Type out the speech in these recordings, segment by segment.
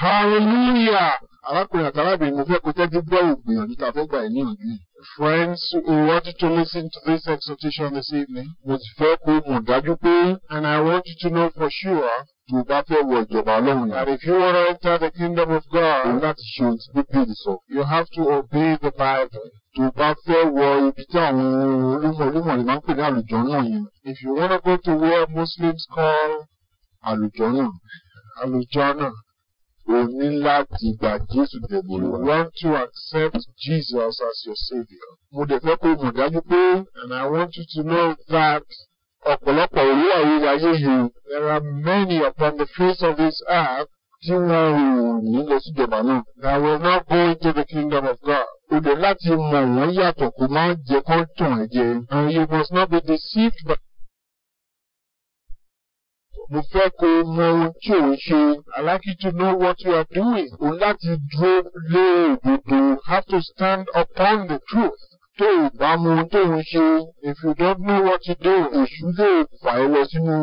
hallelujah arákùnrin àtàlábìnrin mo fẹ́ kó tẹ́jú gbọ́ ògbìyànjú tá a fẹ́ gbà ẹ́ ní òjú yìí. Friends who wanted to listen to this exhortation this evening. Mo ti fẹ́ kó mọ̀ dájú pé and I want you to know for sure tó o bá fẹ́ wọ ìjọba ọlọ́run yẹn. And if you want to enter the kingdom of God, o láti ṣe ohun tí bíbélì sọ. You have to obey the Bible. Tó o bá fẹ́ wọ ibi tí àwọn olúmọ̀ olúmọ̀ lè máa ń pè ní àlùjọ náà yẹn. If you wanna go to where Muslims call àlùjọ náà, àlùjọ náà. O ní láti gba Jésù ní olúwa. You want to accept Jesus as your saviour. Mo dẹ̀ fẹ́ kó mọ̀ dájú pé and I want you to know that ọ̀pọ̀lọpọ̀ òru àwọn ayé yìí. There are many upon the face of this earth tí wọ́n ò ní lọ sí ìjọba náà. That will not go into the kingdom of God. O dẹ̀ láti mọ̀ wọ́n yàtọ̀ kó má jẹ́ kó tàn ẹ́ jẹ. And you must not be deceived by mo fẹ́ kó o mọ ohun tí ò ń ṣe I like you to know what you are doing o láti dúró lé òdodo have to stand upon the truth tó o bá mọ ohun tó ń ṣe if you don't know what to do èṣù lè fà ẹ́ lọ sínú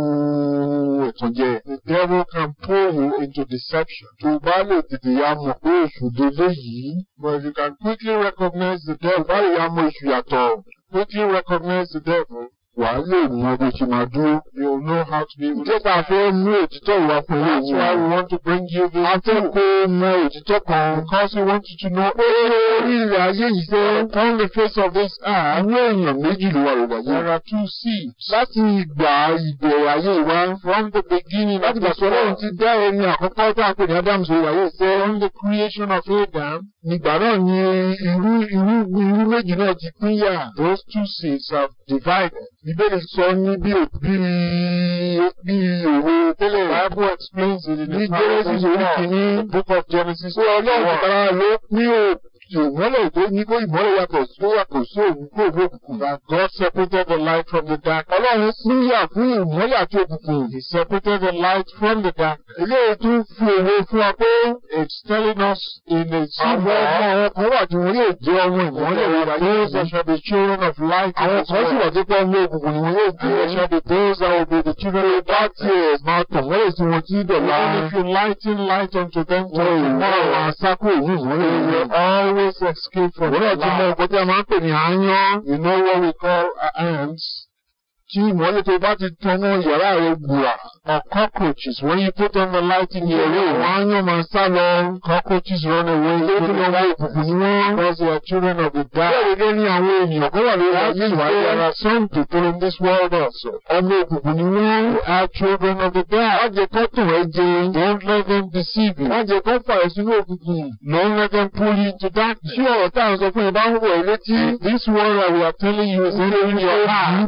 ìtànjẹ the devil can pull you into deception tó o bá lè tètè yá mọ̀ pé èṣù délé yìí but you can quickly recognize the devil báyìí yá mọ̀ èṣù yàtọ̀ quickly recognize the devil wà á lè mọ bó ṣe máa dúró. you know how to be able to. Jẹ́pà fẹ́ mú òtítọ́ ìwà pẹ̀lú òun. that's why we want to bring you this. a fẹ́ kó mọ òtítọ́ kan. because we want you to know. pé orí ilẹ̀ ayé yìí fẹ́. on the face of this earth. àwọn èèyàn méjì ló wà lọ́gbà yìí. there are two seeds. láti ìgbà ìbẹ̀rẹ̀ ayé wa. from the beginning. láti ìgbà sọ́dọ̀ ohun ti dá ẹni àkọ́kọ́ tá a pè ní Adam sọ ìwà yìí fẹ́. from the creation of Adam. nígbà náà ni irú irú irú méjì náà ti pínyà. those two seeds have divided. Bíbélì sọ ní bí òwe tẹ́lẹ̀ Bible explains it in the Genesis orí kìíní book of Genesis. Ó ọlọ́run kan ló pín òkú ìmọ́lẹ̀ tó ní kó ìmọ́lẹ̀ yàtọ̀ tó yàtọ̀ sí òun kó òkùnkùn. that God separated the light from the dark. ọlọ́run pínyà fún ìmọ́lẹ̀ àti òkùnkùn. he separated the light from the dark. eléyìí tún fi òwe fún wa pé. it's telling us in a simple way. àwọn ọmọ kan wà tí wọ́n yóò jẹ́ ọmọ ìmọ́lẹ̀ wa. those that shall be children of light. àwọn kan sì wà tó pẹ́ òkùnkùn ni wọ́n yóò jẹ́. they shall be those that will be the children of dark. tí ẹ̀ máa tàn wọ́n lè sin wọn tí dọ̀la. even if you lighten light unto them. wọ́n ì always excuse for. Wúrọ̀ tí mo kọ́ tí a máa ń pè ní àyán. You know what we call ants tí ìmọ́lẹ̀ tó bá ti tanná yàrá rẹ̀ gbùrà or cockroaches when you put on the light in your room wọ́n á yàn máa sá cockroaches run away lórí don't know why because they are children of the dark. bẹ́ẹ̀ gẹ́gẹ́ ní àwọn ènìyàn kó wà lórí ayé ìwádìí ara some people in this world also ọmọ òkùnkùn ni wọ́n are children of the dark. wọ́n jẹ kó tún ẹ jẹ don't let them deceive you. wọ́n jẹ kó fà ẹ́ sínú òkùnkùn don't let them pull you into dark. Sure, ọ̀rọ̀ tá à ń sọ fún this world that we are telling you is in your heart.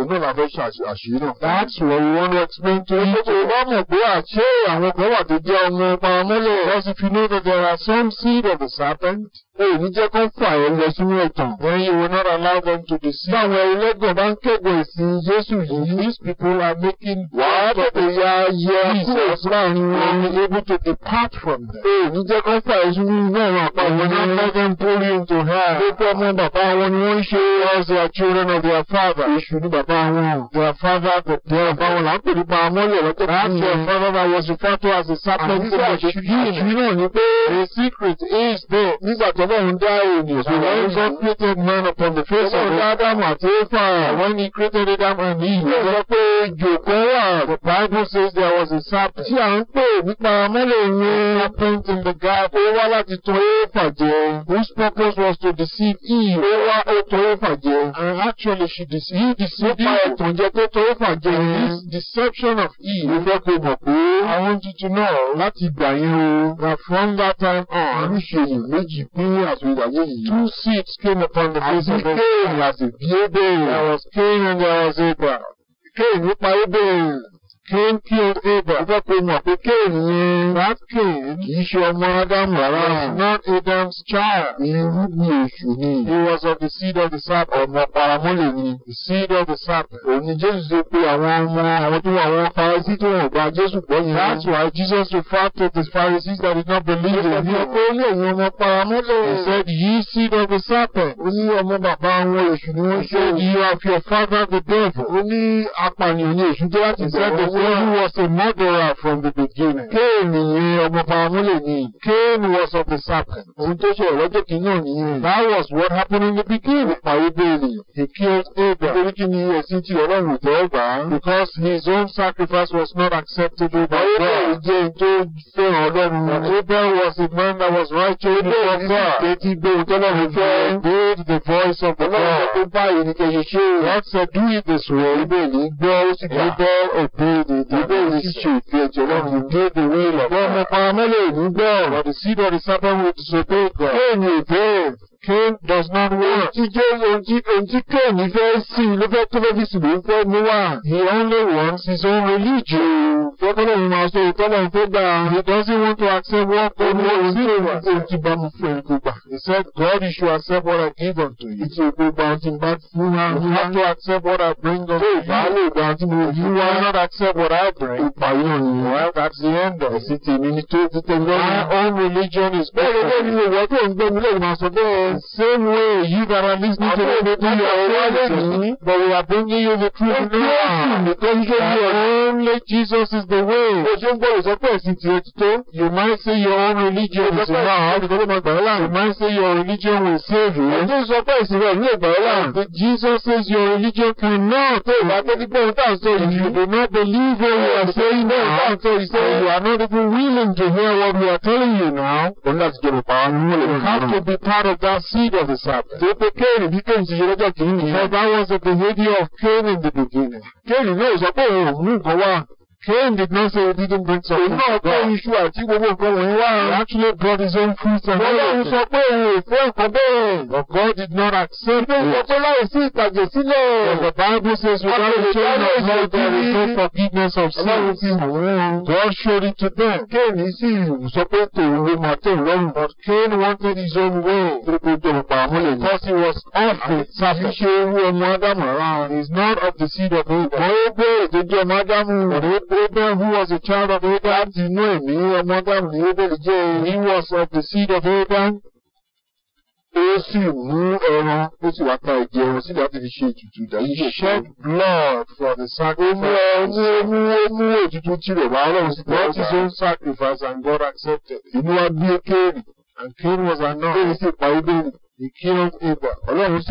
òun náà la fẹ́ ṣe náà. that's what we want to explain to you. ṣé o bá mọ̀ pé àṣé àwọn kan wà tó jẹ́ ọmọ paramọ́lẹ̀. because if you know that there are some seed of the serpent èyí jẹ́ kó fà ẹ́ lọ sínú ẹ̀tàn. when you will not allow them to deceive. báwọn ẹlẹ́gàn bá ń kẹ́gbọ̀ ẹ̀sìn Jésù yìí. these people are making. wàá tètè ya yẹ kúrò láàrin wọn. and be able to depart from them. èyí jẹ́ kó fà ẹ́ sínú ilé ẹ̀rọ àpapọ̀. you will not let them pull you into hell. gbogbo ọmọ bàbá wọn ni wọ́n ṣe. as their children of their father. èṣù ni bàbá wọn. their father but their bàbá wọn là ń pè amọ́lẹ̀ lọ́tọ̀. their father that was referred to as the serpent. àti Ọlọ́run dá ènìyàn. So when God created man upon the face of the Adam àti Efa. When he created Adam and Eve. Ó sọ pé jòkó wà. The Bible says there was a serpent. Tí à ń pè nípa mẹ́lẹ̀ yẹn. Serpent in the garden. Ó wá láti tàn Efa jẹ. Whose purpose was to deceive Eve pa ètò ìfàn jẹ. and actually she deceive, he deceived you. ó pa ètò jẹ tó tó ìfàn jẹ. this deception of he. ó fẹ́ kó mọ̀ pé. àwọn tuntun náà láti gbà yẹn o. na from that time on. oríṣiríṣi méjì pín àtúnyàwó yìí. two seeds came upon the face of the. àti kéèyàn àti bíébè. there was Cain and there was Abel. kéèyàn nípa Abel tó ń kí oṣù bàbá kò mọ̀ pé kéèrè yẹn rákè kì í ṣe ọmọ ádámù rárá. not Adam's child. irúgbìn èṣù ni. he was of the seed of the sap ọmọ paramọ́lẹ̀ ni. the seed of the sap. òní Jésù ṣe pé àwọn ọmọ àwọn tó àwọn Farisí tó wọ̀n gba Jésù gbọ́ yẹn. that's why Jesus referred to the Pharisees that did not believe him. ó pé ó lè ọmọ paramọ́lẹ̀. he said ye seed of the sap. ó ọmọ bàbá àwọn èṣù ni wọ́n ṣe. he said you have your father the devil. ó apànìyàn ni èṣù tó láti sẹ́dọ̀ Who was a murderer from the beginning. Kéènì yẹn ọmọ Fáramúlè ni. Cain was of the serpent. Ohun tó ṣe ọ̀rọ̀jọ́ kìíní òní yẹn. That was what happened in the beginning. Ó parí bẹ́ẹ̀ni. He killed Abel. Nítorí kí ni ẹ̀sìn tí Ọlọ́run tẹ́ gbà? Because his own sacrifice was not acceptable by God. Abel jẹ́ ohun tó Ọlọ́run. Abel was a man that was righteous before God. Abel ti gbé ohun tọ́lọ́run fẹ́. Obeyed the voice of the Lord. Ọlọ́run tó báyìí ni kẹ̀yìn ṣe. God said do it this way. Abel gbọ́ ó sì gbé bọ́ obeyed dèédé bẹ́ẹ̀ sì ṣe ìfẹ́ ẹ̀jẹ̀ lọ́rùn ìdíèdè wẹ́ẹ̀lọ̀. Bọ́ọ̀mù pa mẹ́lẹ̀ ìlú gbọ́. But the seed of the serpent will disobey God. Bẹ́ẹ̀ ìbéèrè pain does not work. Jíjẹ́ ojú ojú kẹ́ẹ̀ni fẹ́ sí i ló fẹ́ tó fẹ́ fi sì ló ń fẹ́ mú wá. He only wants his own religion. Fọ́kọ́lọ́ mi máa sọ ìtọ́lọ̀ tó gbà. He doesn't want to accept what God wants He do. Ojú bá mi fún He said God you should accept what I give unto you. Ìtì òkú gba ohun tí n bá You have to accept what I bring unto you. Tó ìbá lè gba not accept what I bring. Ìpàyé ọ̀nìyàn. Well that's the end of it. Èsì tèmi ni tó ti tẹ̀lé. My own religion is better. Bẹ́ẹ̀ni bẹ́ẹ̀ni ìwọ tó ń gbẹ́mi lẹ́yìn máa sọ bẹ́ẹ̀ same way you that are listening to your radio already, but we are bringing you the truth now. Because you are only Jesus is the way. You might say your own religion is enough. You might say your religion will save you. But Jesus says your religion cannot. If you do not believe what we are saying now, So you are not even willing to hear what we are telling you now, you have to be part of that seed of the serpent. Tó pé Kéèrè bí Kéèrè ti ṣe lọ́jọ́ kìíní. For that was the behaviour of Cain in the beginning. Kéèrè náà sọ pé òun ò mú nǹkan wá. Cain did not say he didn't bring something. Òun náà kó iṣu àti gbogbo nǹkan wọ̀nyí wá. He actually brought his own fruits and vegetables. Bọ́lá sọ pé òun But God did not accept it. Ó sọ pé láì The Bible says without the chain of love there is no forgiveness of sin. Ọlọ́run ti wọ̀ ẹ́. God showed it to them. Cain sì sọ was tòun to máa tẹ̀ lọ́rùn. But Cain wanted his own way. Gbogbo ìjọba pàmò Because he was of the serpent. Kì í ṣe irú ọmọ not of the seed of Abel. Mo ń gbé ètò ìjọba Ádámù. Ọ̀rẹ́ Abraham, who was a child of Abraham, did inú ẹ̀mí ọmọ Abraham ni Abel jẹ́. He was of the seed of Abraham. Ó sì mú ẹran, ó sì wá pa ẹ̀jẹ̀ ẹran sílẹ̀ láti fi ṣe ètùtù ìdájí ṣe. shed blood for the sacrifice. Ó mú ó mú ó mú ètùtù tirẹ̀ wá lọ́wọ́ sí pé is own sacrifice and God accepted. Inú wa bí Kéèrì. And Cain was annulled. Kéèrì sì pa Ebèrè. He killed Abel. Ọlọ́run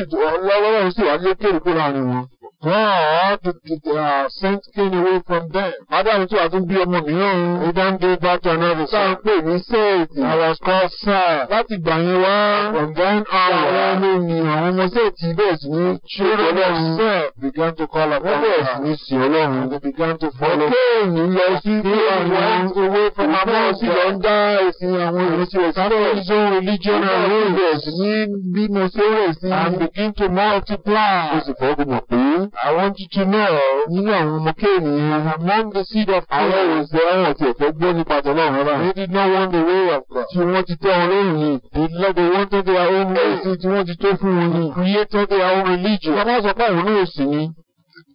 sì wá lé Kéèrì kúrò àárín wọn. God uh, sent Cain away from them. Ádámù tí wàá tún bí ọmọ mìíràn. He then gave birth to another son. Sáà ń pè ní Séètì. I was called Sir. Láti gbà yẹn wá. From then on. Àwọn ọmọ ènìyàn àwọn ọmọ Séètì bẹ̀rẹ̀ sí ní ṣúrọ̀ lọ́run. Sẹ́ẹ̀ began to call upon God. Wọ́n bẹ̀rẹ̀ sí ní sìn Ọlọ́run. They began to follow. Kéènì lọ sí ilé àwọn owó fún amọ́ sí lọ ń dá ẹ̀sìn àwọn ìrísí rẹ̀ sábẹ́ ìṣó religion and rule. Bẹ̀rẹ̀ sí ní bí mo ṣe rẹ̀ sí. And begin to multiply. Ó sì fọ́ gbogbo pé. I want you to know, nínú àwọn ọmọ kéènì yẹn among the seed of Cain. àwọn òṣè àwọn ọ̀tí ẹ̀fẹ́ gbọ́ nípa tọ́lá ọ̀rọ̀ náà. they did not want the way of God. tí wọ́n ti tẹ́ wọn lóyún ni. they love the one tó tẹ àwọn ohun ẹ̀sìn tí wọ́n ti tó fún wọn ni. creator their own religion. wọ́n bá sọ pé àwọn náà sì ni.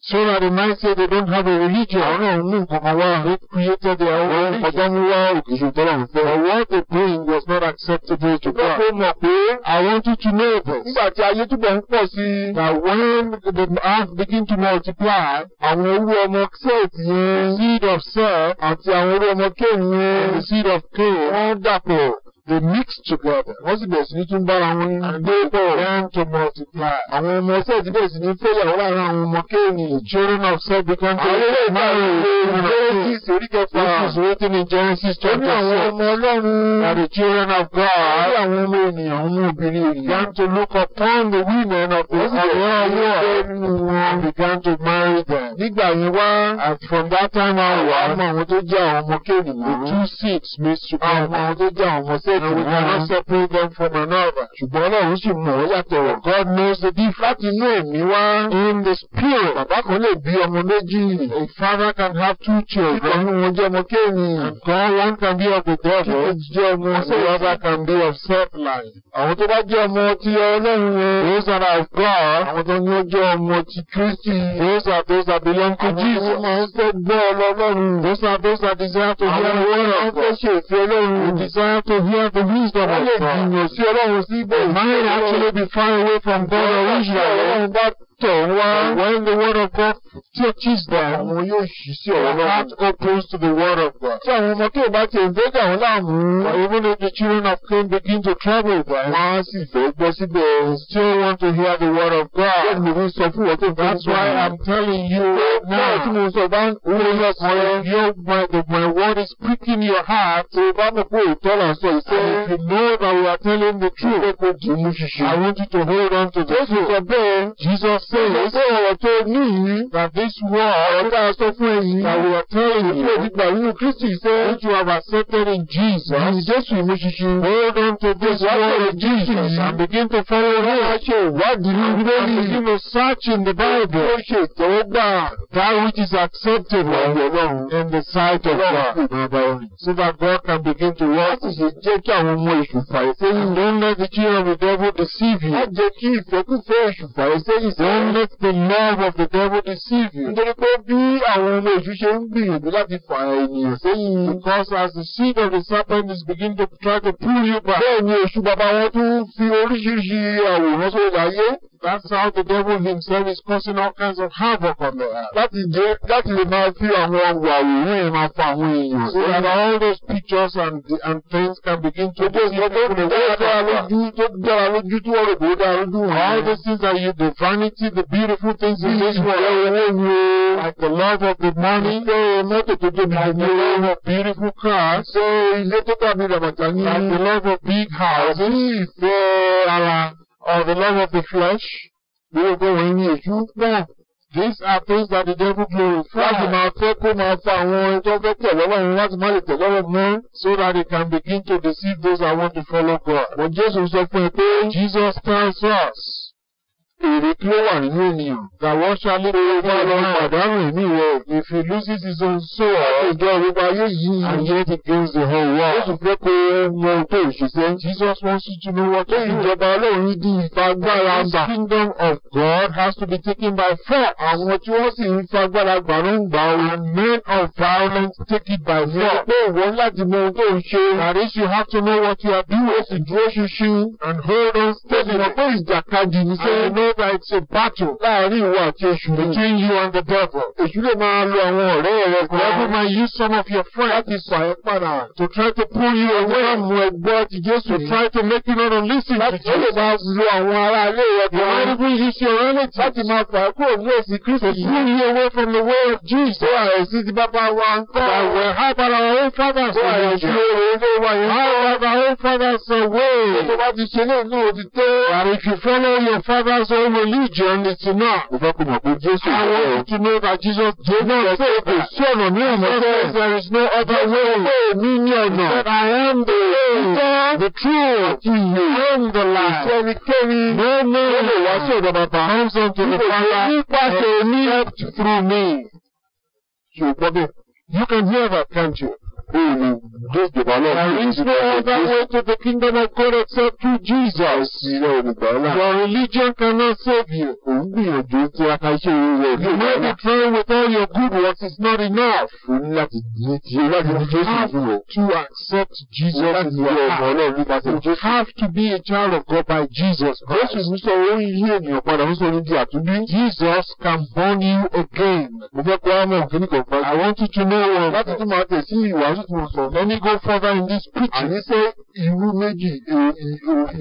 So now the man they don't have a religion. Ọlọ́run mú nǹkan kan wá. They created their own religion. Ọlọ́run kọjá mú wá òkèṣe what they bring was not acceptable to God. I want you to know this. Nígbà tí ayé túbọ̀ ń That when the earth begin to multiply, àwọn orú ọmọ Seth yẹn, seed of Seth àti àwọn orú ọmọ Cain the seed of Cain, wọ́n dàpọ̀ they mix together. wọ́n sì bẹ̀rẹ̀ sí ní tún bára wọn gbé pọ̀ learn to multiply. àwọn ọmọ ẹsẹ̀ ti bẹ̀rẹ̀ sí ní fẹ́lẹ̀ wọ́n lára àwọn ọmọ kéènì children of self become àwọn ilé ìgbà rẹ̀ Genesis orí kẹfà oṣù tí ní Genesis chapter six. ó ní àwọn ọmọ ọlọ́run are the children of God. ó ní àwọn ọmọ ènìyàn ọmọ obìnrin ènìyàn. began to look upon the women of the world. wọ́n began to marry them. nígbà yẹn wá and from that time on two seeds mixed and we cannot separate them from another. ṣùgbọ́n Ọlọ́run sì mọ̀ ọ́ yàtọ̀ God knows the difference. láti inú ẹ̀mí wá. in the spirit. bàbá kan lè bí ọmọ méjì. a father can have two children. kíkan ní wọn jẹ́ ọmọ kéènì. and God one can be of the devil. kíkan jẹ́ ọmọ and the other can be of self-life. àwọn tó bá jẹ́ ọmọ ti Ọlọ́run rẹ̀. those are of God. àwọn tó ní ó jẹ́ ọmọ ti Kristi. those are those that belong to Jesus. àwọn tó máa ń fẹ́ gbọ́ Ọlọ́run. those are those that desire to hear the word of God. àwọn tó máa desire to hear have the wisdom of God. Mine actually be far away from God originally. tọ̀ wá. When the word of God touches them. Àwọn yóò ṣí sí ọ̀rọ̀ náà. Their heart opens to the word of God. Tí àwọn ọmọ tó bá ti ń gbẹ́jà wọn láàmú. Even if the children of Cain begin to travel by. Wọ́n á sì fẹ́ gbọ́ síbẹ̀. Still want to hear the word of God. Bẹ́ẹ̀ni mo fi sọ fún wọn tó fẹ́ sọ. That's why I'm telling you now. Náà tí mo sọ bá ń oh, wúlò lọ sọ. Your my the my word is pricking your heart. Tó o bá mọ̀ pé òótọ́ là ń sọ ìṣe. If you know that we are telling the truth. Ṣé kò dùn mú ṣiṣẹ́? I want you to hold on to this. truth. Jésù sọ bẹ́ẹ̀. Jesus say ṣé ọ̀rọ̀ tó ní yìí that this war ọ̀rọ̀ tá a sọ fún ẹ̀yìn àwòrán tó èyí tó ti gbà nínú Kristi ṣe which you have accepted in Jesus ní Jésù ìmúṣiṣu hold on to this word of Jesus and begin to follow him. wọ́n á ṣe ìwádìí ní Bíbélì begin to search in the Bible. ó ṣe ìtẹ́wọ́gbà that which is acceptable in the sight of God so that God can begin to work. láti ṣe jẹ́ kí àwọn ọmọ ìṣùfà ìṣẹ́yìn. don't let the children of the devil deceive you. wọ́n jẹ́ kí ìfẹ́kùfẹ́ ìṣùfà ìṣẹ́yìn And let the love of the devil deceive you. Nítorí pé bí àwọn ọmọ èṣù ṣe ń gbìyànjú láti fà ènìyàn sẹ́yìn. Because as the seed of the serpent is beginning to try to pull you back. Bẹ́ẹ̀ ni èṣù bàbá wọn tún fi oríṣiríṣi àwòrán sórí ayé. That's how the devil himself is causing all kinds of havoc on the earth. Láti jẹ́ that is máa fi and ọgbà òwú yẹn máa fa àwọn you So that all those pictures and and things can begin to. Gbogbo ìgbàgbọ́ ìgbàgbọ́ ìgbàgbọ́ lójú tó dára lójú tó wọ́n rò pé ó dára lójú wọn. All the things that you the vanity the beautiful things in this world. Like the love of the money. Ṣé mọ́tò tó tóbi ni o? Like the love of beautiful cars. Ṣé ilé tó tàbí Like the love of big houses. Àti ìfẹ́ or the love of the flesh, we will go in here. You know, these are things that the devil glorifies. Láti máa fẹ́ kó máa fa àwọn ẹni tó fẹ́ tẹ̀lé Ọlọ́run láti má lè tẹ̀lé of mọ́. So that they can begin to deceive those that want to follow God. When Jesus sọ fún Jesus stands us èrè tí ó wà nínú ènìyàn. Làwọn ṣàlùkò ọgbà lọ́wọ́ pàdánù ẹ̀mí rẹ̀. If you lose it is on so àtẹ̀jọ́ orúkọ ayé yìí. And yet it gains the whole world. Ó sì fẹ́ kó mọ pé òṣìṣẹ́. Jesus wants you to know what to do. Ìjọba Ọlọ́run di ìfagbára gbà. The kingdom of God has to be taken by force. Àwọn tí wọ́n sì ń fagbára gbà ló ń gbà wọn. Men of violence take it by force. Pé ìwọ láti mọ ohun tó ń ṣe. Àrí you have to know what you are doing. Ó sì dúró ṣinṣin and hold on steady. Ìjọba ìjàkadì ni sẹ́yìn náà whenever it's a battle láàrin ìwọ àti èṣù rẹ between you and the devil èṣù lè máa lo àwọn ọ̀rẹ́ rẹ kan devil may use some of your friends láti sọ ẹ padà to try to pull you away from ẹgbẹ́ ti Jésù to try to make you not listen to Jesus láti lè máa lo àwọn ará rẹ kan you might even use your relatives láti máa fà á kúrò ní èsì Kristi to pull you away from the way of Jesus tó àìsí ti bàbá wa ń kọ́ àwẹ̀ hábàlà ó fàdà sí ìjọ sí ìwé tó bá ti ṣe náà ó ti tẹ́ àrèjù follow father's way don't religion is tí náà. Mo fẹ́ kó I want to know that Jesus did not say kò sí ọ̀nà ní ọ̀nà tẹ́. There is no other way. Pé mi ní ọ̀nà. That I am the way. The truth. I am the life. Ṣé ẹnikẹ́ni? No no. Ó lè wá sí ọ̀dọ̀ bàbá. Comes unto the Father. Nípasẹ̀ mi. Help through me. Ṣùgbọ́n bẹ́ẹ̀. You can hear that, you? who will disjọba náà. There is no other way to the kingdom of God except through Jesus. Your religion cannot save you. Òun a ka iṣẹ́ ìwé rẹ̀. You may be trying with all your good works is not enough. You have láti ní ti To accept Jesus in your heart. Ọmọ Have to be a child of God by Jesus. Jésù ń sọ orí ilé ènìyàn padà ń sọ ní di Jesus can born you again. I want you to know one. Láti tún máa tẹ̀ Prophet Muslim let me go further in this picture. Àní sẹ́ irú méjì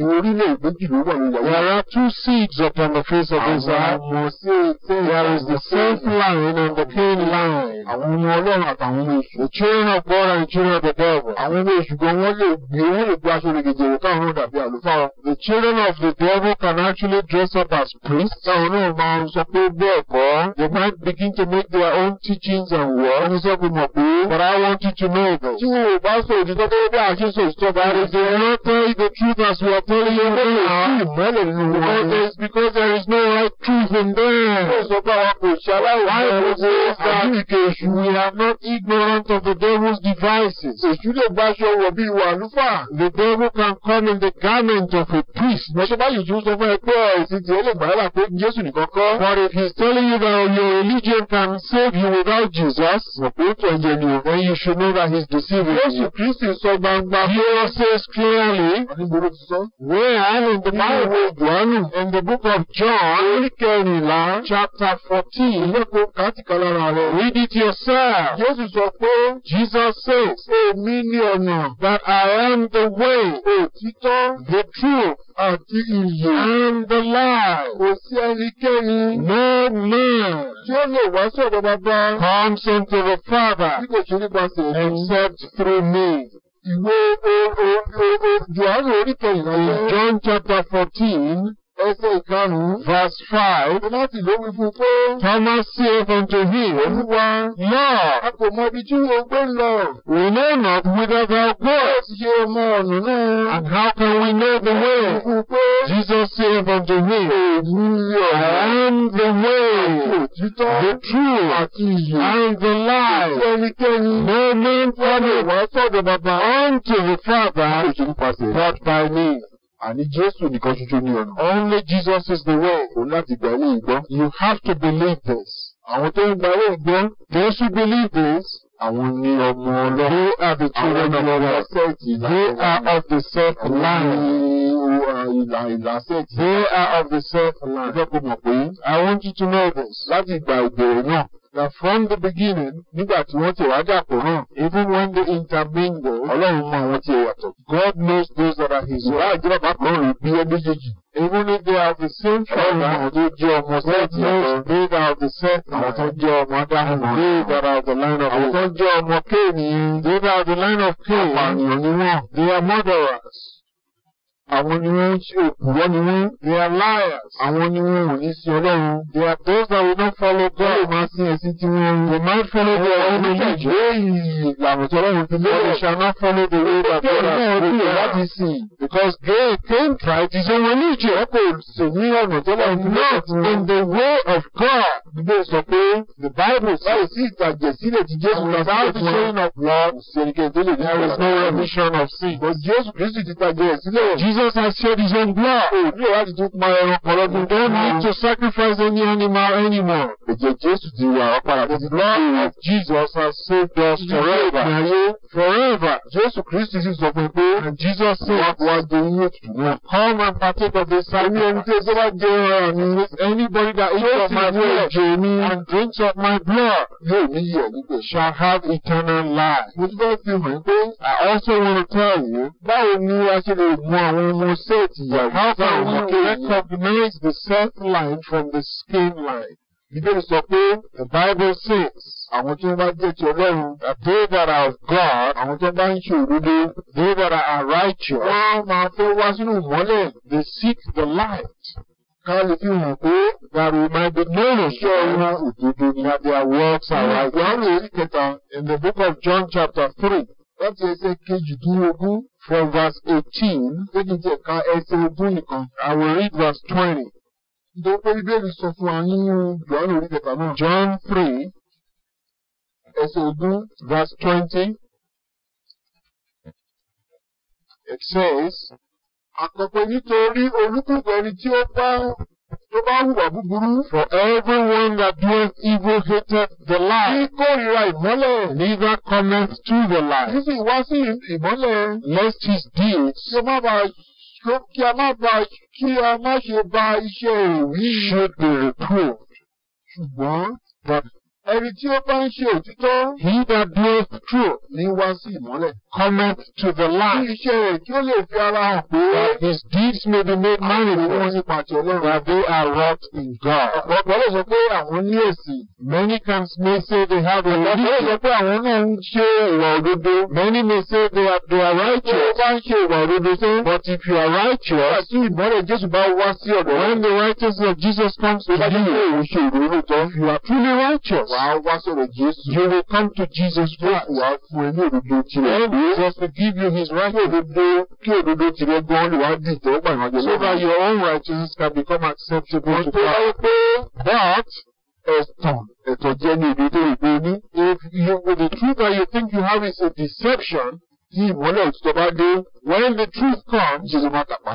orílẹ̀ méjì ló wà lóyà. There are two seeds upon the face of this earth. Àwọn ọmọ sí ètè. There is the safe line and the pain line. Àwọn ọmọ ọlọ́run àtàwọn ọmọ èṣù. The children of God and the children of the devil. Àwọn ọmọ èṣù gan wọ́n lè gbé wọ́n lè gbé aṣọ rẹ̀gẹ̀dẹ̀ wò káwọn náà dàbí àlùfáà. The children of the devil can actually dress up as priests. Táwọn náà máa sọ pé bẹ́ẹ̀ kọ́. They might begin to make their own teachings and work. Wọ́n ti sọ mọ̀ pé. But I want you to know nowego. Cuba sòtítọ́ tó bá a ṣe sòtítọ́ bá rẹ̀. They will not tell the truth as we are telling you now. Kí ìmọ̀lẹ̀ nínú wọn. Because there is because there is no right truth in there. Ó sọ pé àwọn kò ṣe aláwọ̀ ẹ̀rọ ṣe é sá. Àbíkè èṣù we are not ignorant of the devil's devices. Èṣù lè bá aṣọ wọ̀ bí ìwà àlùfáà. The devil can come in the garment of a priest. Lọ́sọ̀ báyìí tún sọ fún ẹ pé ẹ̀sìn tiẹ̀ lè gbàdúrà pé Jésù nìkan kọ́. But if he is telling you that your religion can save you without Jesus, ọ̀pọ̀ ìtọ́jú ẹni ò mọ̀ you should know that he is deceiving you. Jésù Kristi sọ gbangba pé ó says clearly. Níbo ló ti sọ? Where in the Bible Jọ́nù in the book of John orí chapter fourteen. Ìlẹ́kọ̀ọ́ kàtìkà lára rẹ̀. Read it yourself. Jésù sọ pé Jesus says, Èmi ni ọ̀nà that I am the way, òtítọ́, the truth àti ìyè. And the light. Kò sí ẹnikẹ́ni. No man. Tí ó lè wá sí ọ̀dọ̀ bàbá. Comes unto the Father. Bí kò ṣe nípasẹ̀ èmi. Except through me. Ìwé Jòhánù orí kẹrìnlá. John chapter fourteen ọ̀pọ̀ ìkarùn-ún verse five. Láti ló wí fún pé. Thomas saith unto him. Olúwa. Lord. A kò mọ ibi tí o gbé lọ. We know not whither thou goest. Ṣé o mọ ọ̀nà náà? And how can we know the way? Fún pé. Jesus saith unto him. Èmi yọ̀. I am the way. Òtítọ́. The truth. Àti ìyè. And the life. Ṣé ẹnikẹ́ni? No man follow. Wọ́n sọ̀dọ̀ bàbá. Unto the Father. Ó pàṣẹ. But by me àní Jésù nìkan ṣoṣo ni ọ̀nà. Only Jesus is the way. Kò láti gbà owó ìgbọ́. You have to believe this. Àwọn tó ń gba owó ìgbọ́, those who believe this. Àwọn ni ọmọ ọlọ́run. They are the children of the God. They are of the self-line ìlà ìlà sẹ́ẹ̀tì. They are of the self-line. Ẹ mọ̀ pé. I want you to know this. Láti ìgbà ìgbèrè náà that from the beginning nígbà tí wọ́n ti wá dàpọ̀ náà even when they intermingle ọlọ́run mọ àwọn tí ó yàtọ̀. God knows those that are his own. láàjọ bàbá rẹ̀ bí ẹ méjèèjì. even if they are the same father àwọn tó jẹ́ ọmọ sẹ́ẹ̀tì ọ̀tọ̀ they that have the same àwọn tó jẹ́ ọmọ adáhùn they that are the line of àwọn tó jẹ́ ọmọ kéènì they that are the line of kéènì àpànìyàn ni wọ́n they are murderers àwọn ni wọ́n ń ṣe òkúrọ́ ni wọ́n. they are liars. àwọn ni wọ́n ò ní sin ọlọ́run. they are those that will not follow God. wọ́n lè máa sin ẹ̀sìn tí wọ́n ń. they might follow their own religion. èyí ìlànà tí ọlọ́run fi lé. they shall not follow the way that God has been there láti sìn. because God came tried his own religion. wọ́n kò sì ní ọ̀nà tó lọ́wọ́ fi lé. not in the way of God. gbogbo sọ pé the Bible says sí ìtàjẹ̀ sílẹ̀ tí Jésù the showing of love, there is no remission of sin. but Jésù Kristu ti tàjẹ̀ Jesus has shed his own blood. Kò ní ìwádìí tó my ẹran kan lọ́dún. don't need to sacrifice any animal anymore. Ẹ̀jẹ̀ Jesus ti wà ọ̀padà tó ti lọ. Jesus has saved us forever. forever. Jesus Christ is sọ fún pé. And Jesus said. Wọ́n wá jẹ inú ètùtù náà. Come and partake of the sacrifice. Èmi ẹni Anybody that eats of my blood. And drinks of my blood. Yóò ní yọ̀ Shall have eternal life. Mo ti fẹ́ fi I also want to tell you. that ni a I should mú more. How can we recognize the self line from the skin line? Bíbélì sọ pé the Bible says àwọn tí wọ́n bá jẹ́ ti Ọlọ́run that they that of God àwọn tí wọ́n bá ń ṣe òdodo they that are righteous wọ́n máa fẹ́ wá sínú ìmọ́lẹ̀ they seek the light. Ká lè fi hàn pé that we might be known ṣọ́ wọn òdodo ni that their works are right. Wọ́n lè rí kẹta in the book of John chapter three láti ẹsẹ̀ kejìdínlógún from verse eighteen ó ti tẹ̀ ka ẹsẹ̀ ogún nìkan I will read verse twenty. nítorí pé bíbélì sọ fún wa nínú Jòhánù orí kẹta náà John three ẹsẹ̀ ogún verse twenty it says àkọ́pẹ́ nítorí olúkúlùkù ẹni tí ó bá tó bá hùwà búburú. for everyone that does evil hated the light. ní kórìíra ìmọ́lẹ̀. neither cometh to the light. What wá sí ìmọ́lẹ̀. lest his deeds. kí o má bàa kí a má bàa kí a má ṣe should be reproved. What? that Ẹni tí ó bá ń ṣe òtítọ́. He that doeth truth. Ní wá sí ìmọ́lẹ̀. Cometh to the light. Kí iṣẹ́ rẹ̀ kí ó lè fi ara hàn pé. That his deeds may be made manifest. Àwọn nípa ti Ọlọ́run. That they are wrought in God. Ọ̀pọ̀ lè sọ pé àwọn ní èsì. Many can may say they have a lot. Ọ̀pọ̀ lè sọ pé àwọn náà ń ṣe ìwà òdodo. Many may say they are, they are righteous. Ó bá ń ṣe ìwà òdodo sẹ́. But if you are righteous. Àti ìmọ́lẹ̀ Jésù bá wá sí ọ̀dọ̀. When the righteousness of Jesus comes to you. Ìbájú ìwé òṣèlú ló tọ́. You are truly righteous wàá wá sọ̀rọ̀ Jésù. You will come to Jesus Christ. Wàá fún ẹ ní òdodo tirẹ̀. And he was give you his righteousness. Kí òdodo kí òdodo tirẹ̀ gan lè wá So that your own righteousness can become acceptable to God. Wọ́n that ẹ̀tàn ẹ̀tàn jẹ́ ní èdè tó ìgbé ní. If you with the truth that you think you have is a deception. Tí ìmọ́lẹ̀ òtítọ́ bá dé, when the truth comes, Jésù máa tàpá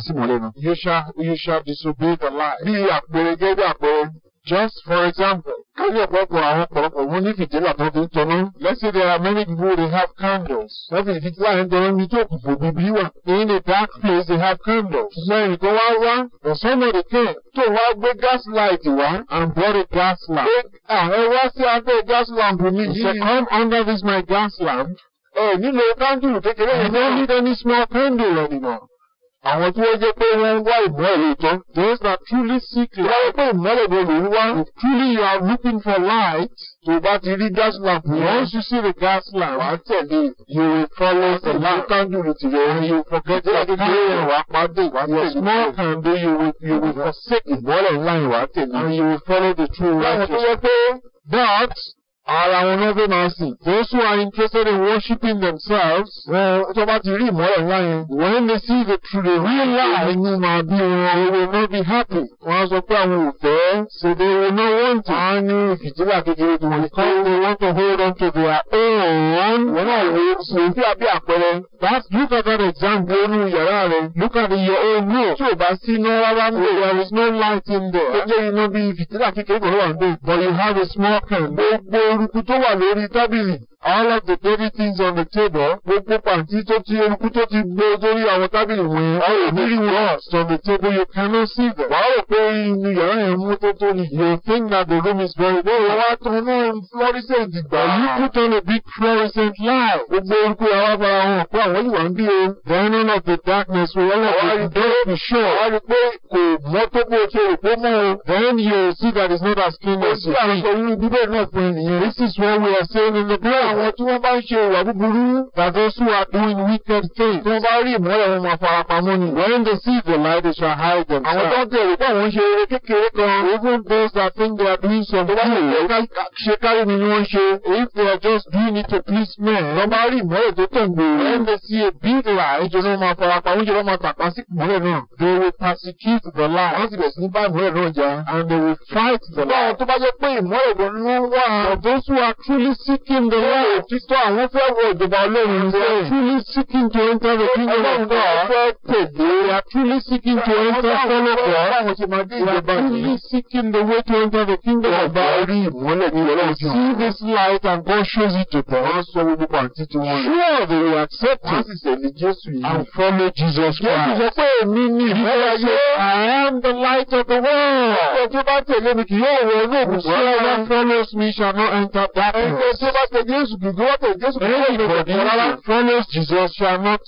You shall you shall disobey the lie. Bí àpẹẹrẹ gẹ́gẹ́ bí àpẹẹrẹ. Just for example, kárí ọ̀pọ̀lọpọ̀ àwọn ọ̀pọ̀lọpọ̀ wọn ní fìtílà tó fi ń tọ́nà. Let's say there are many people they have candles. Wọ́n fi ìfìtílà ń tọ́nà ní tó kù fòbí bí wà. In a dark place they have candles. you go Ṣùgbọ́n ẹnìkan wá of the nìkan tó wá gbé gas light wá and brought a gas lamp. Ṣé ẹ wá sí abẹ́ gas lamp mi yìí? Ṣé come under this my gas lamp? Ẹ nílò candle kékeré yẹn. I don't need any small candle anymore àwọn tí wọ́n jẹ́ pé wọ́n wá ìmọ́lẹ̀ lóòótọ́. those that truly seek light. wọ́n pé ìmọ́lẹ̀ ló lè ń wá. if truly you are looking for light. tó bá ti rí gas lamp yẹn. once you see the gas lamp. wà á tẹ̀lé. E. you will follow the e. light. you can do it today. and you forget your prayer. wà á pàdé wà á tẹ̀lé. your small hand dey you will you will forsake. ìmọ́lẹ̀ ńlá yẹn wà tẹ̀lé. and you will follow the true righteous. báwo ni wọ́n pé. that are àwọn ọlọ́gbọ́n máa sìn. those who are interested in worshiping themselves. wọn tó bá ti rí ìmọ̀lẹ̀ ńlá yẹn. when they see the true the real life. inú máa bí wọn. they will not be happy. wọ́n á sọ pé àwọn ò fẹ́. so they will not want to. wọ́n á ní ìfìdílà kékeré tí wọ́n lè kọ́. they want to hold on to their own. wọ́n náà wo sòfí àbí àpẹẹrẹ. that look at that example nínú yàrá rẹ. look at your own room. tí o bá sí iná rárá ní. there is no light in there. ó jẹ́ iná bí ìfìdílà kékeré kan ló wà níbẹ̀. but you have a small can. gbogbo eruku tó wà lórí tábìlì all of the heavy things on the table gbogbo pàǹtí tó ti eruku tó ti gbé sórí àwọn tábìlì wọn a ò rí rust on the table you cannot see them. wàá rò pé inú yàrá yẹn mú tó tó ni. you think that the room is very well. wọ́n wá fluorescent ìgbà yìí kú tán a big fluorescent light. gbogbo eruku yàrá fara hàn pé àwọn yìí wà ń bí o. the end of the darkness will all of the dark be sure. wàá rí pé kò mọ́ tó bó ṣe rò pé mọ́ o. then you will see that it's not as clean as you think. ó sì àwọn sọ this is what we are saying in the Bible àwọn tí wọ́n bá ń ṣe ìwà búburú that those who are doing wicked things tí wọ́n bá rí ìmọ́lẹ̀ wọn máa fara pamọ́ ni. when they see the light they shall hide them. àwọn tó ń tẹ̀lé pé àwọn ń ṣe eré kékeré kan even those that think they are doing something. tó bá ṣe ṣe kárí ni wọ́n ṣe if they are just doing it to please men. wọ́n bá rí ìmọ́lẹ̀ tó tẹ̀ gbòòrò. when they see a big light jẹ́ wọ́n máa fara pamọ́ jẹ́ máa tàpá sí ìmọ́lẹ̀ náà. they will persecute the light. wọ́n ti bẹ̀ sí bá ìmọ́lẹ̀ náà jà and they will fight the light. báwọn tó bá jẹ́ pé ìmọ́lẹ̀ gan-an wà. for those who are truly seeking the light òtítọ́ àwọn fẹ́ wọ ìjọba ọlọ́run ṣe truly seeking to enter the kingdom of God fẹ́ tèdè ya truly seeking to enter fẹ́lọ́pọ̀ báwọn ṣe máa dé ìjọba yìí truly seeking the way to enter the kingdom of God rí ìmọ́lẹ̀ ní ọlọ́run sí see this light and God shows it to them wọ́n sọ gbogbo pàǹtí tí wọ́n rí sure they will accept it wọ́n sì sẹ̀lẹ̀ Jésù yìí and follow Jesus Christ Jésù sọ pé èmi ni ìmọ́lẹ̀ yẹ I am the light of the world ẹgbẹ́ tó bá tẹ̀lé mi kì yóò wọ inú òkùnkùn whoever follows me shall not enter darkness ẹgbẹ́ tó bá tẹ̀lé those who Jésù kìí jẹ́ wọ́pẹ̀ Jésù kìí jẹ́ ìfọ̀dí rárá. Follows Jesus shall not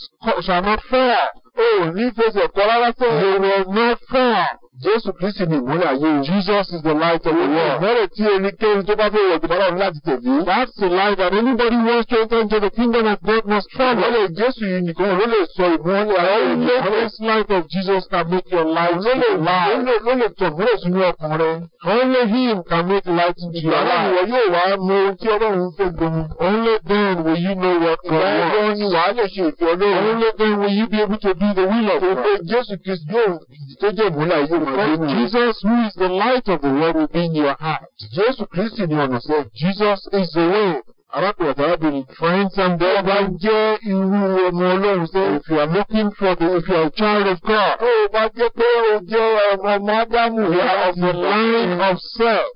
shall not fail. Oh, ò ní your kọ́ rárá sẹ́yìn. You will not fail. Jésù Kristi ni ìmọ́lẹ̀ ayé yìí. Jesus is the light of the world. Ìmọ́lẹ̀ tí ẹnikẹ́ni tó bá fẹ́ wọ̀ ọ̀gbìn Ọlọ́run láti tẹ̀lé. That's the light that anybody wants to enter into the kingdom of God must travel. Ìmọ́lẹ̀ Jésù yìí nìkan ló lè sọ ìmọ́lẹ̀ ayé yìí. Only this life of Jesus can make your life to lie. Ló lè tọ̀ ló lè sunú ọkàn rẹ. Only him can make light into your life. Ìwọ yóò wá mọ ohun tí Ọlọ́run fẹ́ gbẹmú. Only then will you know what God wants. Ìwọ ni wàá lè ṣe ìfẹ́ Ọlọ́run. Only then will you be able to do the will of God. Òfin Jésù Kristi yóò tó jẹ́ ìmọ́lẹ̀ ayé Because Jesus, who is the light of the world, will be in your heart. Jesus Christ in your sẹ́. Jesus is the way. Arákùnrin àtàrábìnrin. Friends and brothers. Ọba jẹ́ irú ọmọ Ọlọ́run sẹ́. If you are looking for the if you are a child of God. Ó bá jẹ́ pé o jẹ́ ọmọ Ádámù. You are of the line of self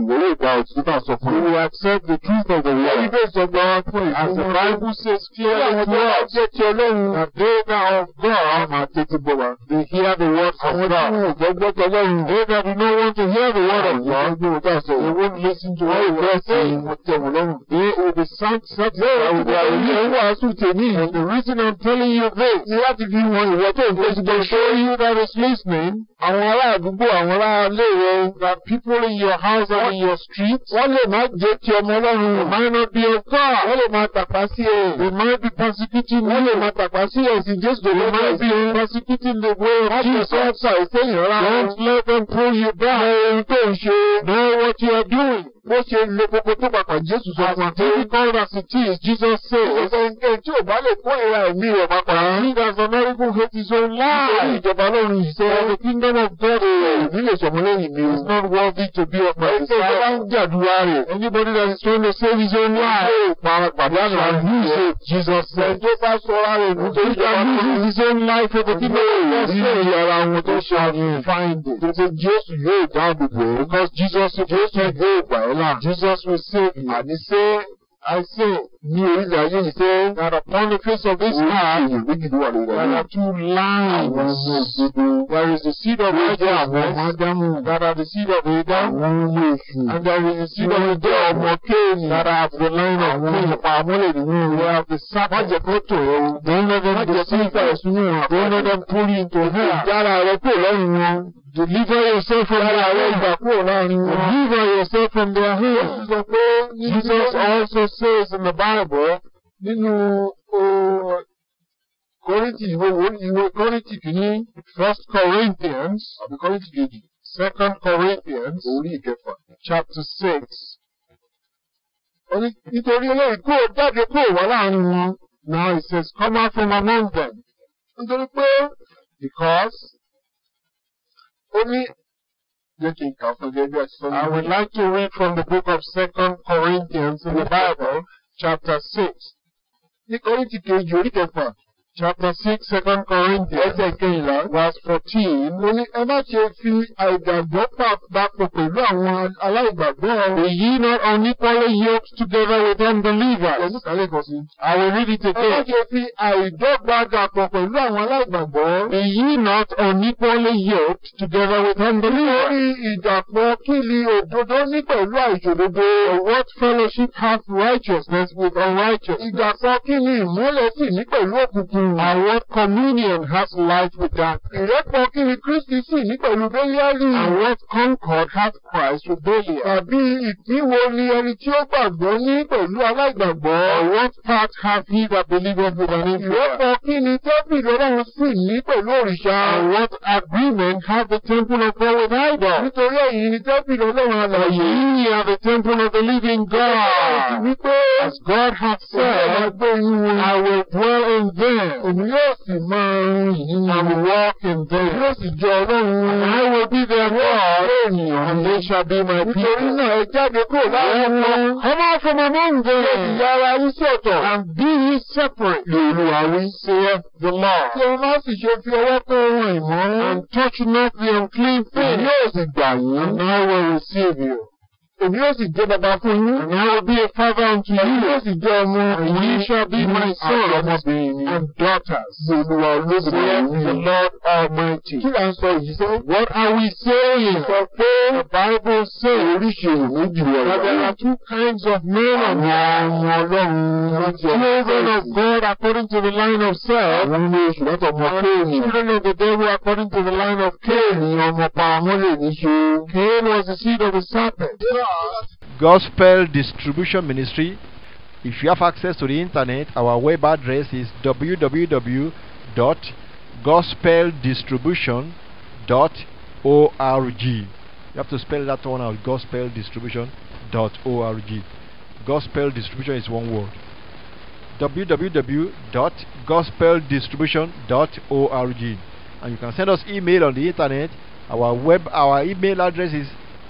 ìwòrò ìgbà òtún náà sọ fún mi. we will accept the truth of the word. wọ́n ibẹ̀ sọ gba wọn fún ìlú. as the bible says fear the lord. jẹ́ ti ọlọ́run. and they that of God. máa tètè bọ̀ wá. they hear the word of God. àwọn tí wọn gbọ́ gbọ́ they that do not want to hear the word of God. àwọn ìgbà sọ. they won't listen to what God say. wọ́n they will be sound satisfied with their religion. ẹ̀ wọ́n aṣọ tèmi. and the reason I'm telling you this. ni láti fi wọn ìwọ tó ń fẹ́ sí bẹ́ẹ̀. show you that is listening. àwọn ará àdúgbò àwọn ará ilé rẹ. that people in your house. Jesus on your street. Wọ́n lè má jẹ́ ti ọmọ ọlọ́run. It might not be your car. Wọ́n lè máa tàpá sí ẹ. It might be persecuting you. Wọ́n lè máa tàpá sí ẹ̀sìn Jésù lè máa bí ẹ. Persecuting the way of Jesus. Wọ́n sọ àìsè ìrora. Don't let them pull you down. Mọ ohun tó ń ṣe. Know what you are doing bó ṣe le gbogbo tó papọ̀ Jésù sọ fún wa. as difficult as it is Jesus says. ọ̀sẹ̀ nǹkan tí ò bá lè kó ìra ẹ̀mí rẹ̀ papọ̀. he does not know who hate his life. nítorí ìjọba Ọlọ́run yìí sẹ́. the kingdom of God èmi lè sọ̀mọ́ lẹ́yìn mi. 'It's not worthy to be of my desire. ẹ̀sẹ̀ ìjọba ń jàdúrà rẹ̀. anybody that is trying to save his own life. yóò para pàdé àná àdúgbò Jesus said. ẹjọ́ bá sọra rẹ̀ nítorí ìjọba tó ń his life for the kingdom of God. ìyẹn ara wọn tó ṣe àfihàn. find it. because Jesus yóò dáàbò bò because Jesus yóò gbà ẹ́ Lord, Jesus will save you. And he say, I say, ní orílẹ̀ ayé yìí that upon the face of this earth there are two lines. there is the seed of righteousness. that are the seed of Adam. and there is the seed of the ọmọ kéènì. that are the line of kéènì. àwọn have the sap. má jẹ́ kó let them pull into hell. Deliver yourself from their hands. Deliver yourself from their hands. Jesus also says in the Bible káàbọ̀ nínú Kọ́ríntì ìwé Kọ́ríntì kìíní First Corinthians àbí Kọ́ríntì kejì Second Corinthians orí ìkẹfà chapter six. Nítorí eléyìí kúrò jáde kúrò wá láàrin wọn now it says come out from among them. Nítorí pé because ó ní I would like to read from the book of Second Corinthians in the Bible. chapter six nítorí ti kejì orí kẹfà chapter six second Corinthians ẹsẹ̀ kejìlá verse fourteen. ó ní ẹ má ṣe fi àìgbàgbọ́ papọ̀ pẹ̀lú àwọn aláìgbàgbọ́. èyí náà unequally yoked together with unbelievers. ẹ̀sùn kálẹ̀ kan sí. àwọn orí ti pé. ẹ má ṣe fi àìdọ́gba dàpọ̀ pẹ̀lú àwọn aláìgbàgbọ́. èyí náà unequally yoked together with unbelievers. lórí ìdàpọ̀ kí ni òdodo ní pẹ̀lú àìṣòdodo. what fellowship hath righteousness with unrighteousness. ìdàpọ̀ kí ni ìmọ́lẹ̀ ní pẹ̀lú òkùnkùn. And what communion has life with that? Ìrẹ́pọ̀ kí ni Kristi sì ní pẹ̀lú Bẹ́líárì? And what concord has Christ with Bẹ́líárì? Àbí ìpínwo ni ẹni tí ó gbàgbọ́ ní pẹ̀lú aláìgbàgbọ́? And what part have he that Believers with an inferior? Ìrẹ́pọ̀ kí ni tẹ́bìlì Ọlọ́run sì ní pẹ̀lú òrìṣà? And what agreement has the temple of God with idol? Nítorí èyí ni tẹ́bìlì Ọlọ́run àlàyé. Yìí are the temple of the living God. Wípé as God has said, I will dwell in them òun yóò sì máa rìn nínú àwòwọ́ ìbẹ̀ yóò sì jọ ọlọ́run. I will be there for our ènìyàn. And they shall be my people. Nítorí náà ẹ jáde kúrò láwọn kan. Ẹ máa fọmọ mọ́ ǹjẹ́. Ẹ And be ye separate. Lòlù àwọn ìṣe the law. Kí o má sì ṣe fi ọwọ́ kó ohun ìmọ̀. And touch not the unclean thing. Yóò sì gbà yín. And I will receive you. Èmi yóò sì jẹ́ bàbá fún yín. Èmi yóò bí father unto you. Èmi yóò sì jẹ́ ọmọ. Èmi shall be my son. Àti ọmọbìnrin mi. And daughters. Olúwa olóbìnrin mi. The Lord Almighty. Kí là sọ yìí sẹ́? What are we saying? Sọ pé the Bible say oríṣiríṣi méjì wọ̀ yàrá. There are two kinds of men on earth. Àwọn Children of God according to the line of self. Àwọn ilé oṣù látọ̀ mọ Kéènì. Children of the devil according to the line of Kéènì. Ọmọ pa àwọn lè ní ṣe. Cain was the seed of the serpent. Gospel Distribution Ministry. If you have access to the internet, our web address is www.gospeldistribution.org. You have to spell that one out gospeldistribution.org. Gospel distribution is one word www.gospeldistribution.org and you can send us email on the internet our web our email address is